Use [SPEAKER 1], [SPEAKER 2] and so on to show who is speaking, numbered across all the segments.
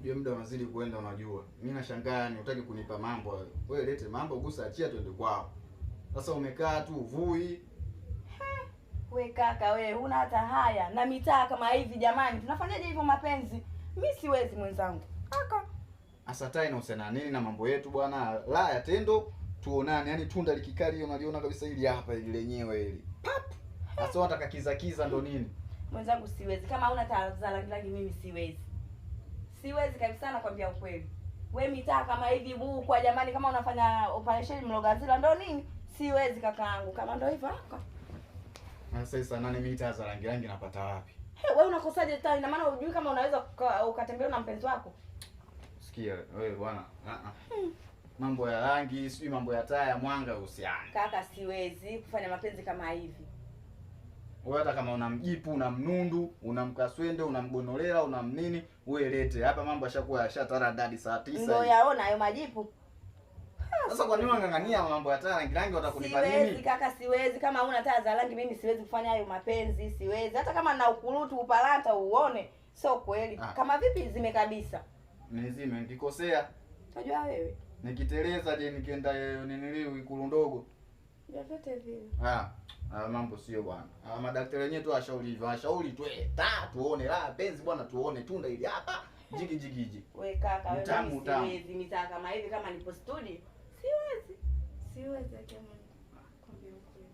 [SPEAKER 1] Ndio muda unazidi kuenda, unajua. Mimi nashangaa ni utaki kunipa mambo wewe. Wewe lete mambo, gusa, achia twende kwao. Sasa umekaa tu uvui.
[SPEAKER 2] We kaka, we huna hata haya na mitaa kama hivi. Jamani, tunafanyaje hivyo mapenzi? Mimi siwezi mwenzangu. Aka
[SPEAKER 1] asatai inahusiana nini na mambo yetu bwana? La ya tendo tuonane, Yaani tunda likikali, hiyo unaliona kabisa hili hapa hili lenyewe hili. Pap. Sasa unataka kiza kiza ndo nini?
[SPEAKER 2] Mwenzangu siwezi. Kama huna taa za rangi mimi siwezi siwezi kabisa, nakwambia ukweli. We mitaa kama hivi bukwa, jamani, kama unafanya operation mlogazila ndo nini, siwezi kakaangu, kama ndo hivyo haka
[SPEAKER 1] sasa nane mita za rangi rangi napata wapi?
[SPEAKER 2] Hey, wewe unakosaje taa? Ina maana hujui kama unaweza ukatembea na mpenzi wako?
[SPEAKER 1] Sikia wewe bwana. Uh -uh. Hmm. Mambo ya rangi, sijui mambo ya taa ya mwanga uhusiana.
[SPEAKER 2] Kaka siwezi kufanya mapenzi kama hivi.
[SPEAKER 1] Wewe hata kama una mjipu, una mnundu, una mkaswende, una mgonolela, una mnini, wewe lete. Hapa mambo yashakuwa yashatara dadi saa 9.
[SPEAKER 2] Ndio yaona hayo majipu.
[SPEAKER 1] Sasa kwa nini wang'ang'ania mambo ya taa rangi rangi watakunipa
[SPEAKER 2] nini? Siwezi kaka, siwezi kama una taa za rangi mimi siwezi kufanya hayo mapenzi, siwezi. Hata kama na ukurutu upalanta uone, sio kweli. Ah. Kama vipi zime kabisa?
[SPEAKER 1] Nizime nikikosea. Unajua wewe. Nikiteleza je, nikienda eh, niniliwi ikulu ndogo.
[SPEAKER 2] Vyovyote vile.
[SPEAKER 1] Ah. Hayo ah, mambo sio bwana. Ah, madaktari wenyewe tu washauri hivyo, washauri tu eh, ta tuone la penzi bwana, tuone tunda ili hapa. jiki jiki jiki.
[SPEAKER 2] Wewe kaka wewe tamu tamu. Siwezi mitaa kama hivi kama nipo studio. Siwezi. Siwezi kama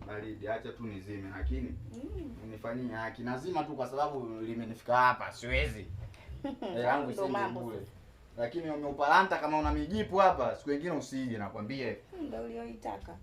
[SPEAKER 1] baridi acha tu nizime, lakini mm. unifanyie haki, nazima tu kwa sababu limenifika hapa, siwezi eh, yangu isije mbule, Lakini umeupalanta kama una mijipu hapa, siku nyingine usije, nakwambie
[SPEAKER 2] Ndio ulioitaka.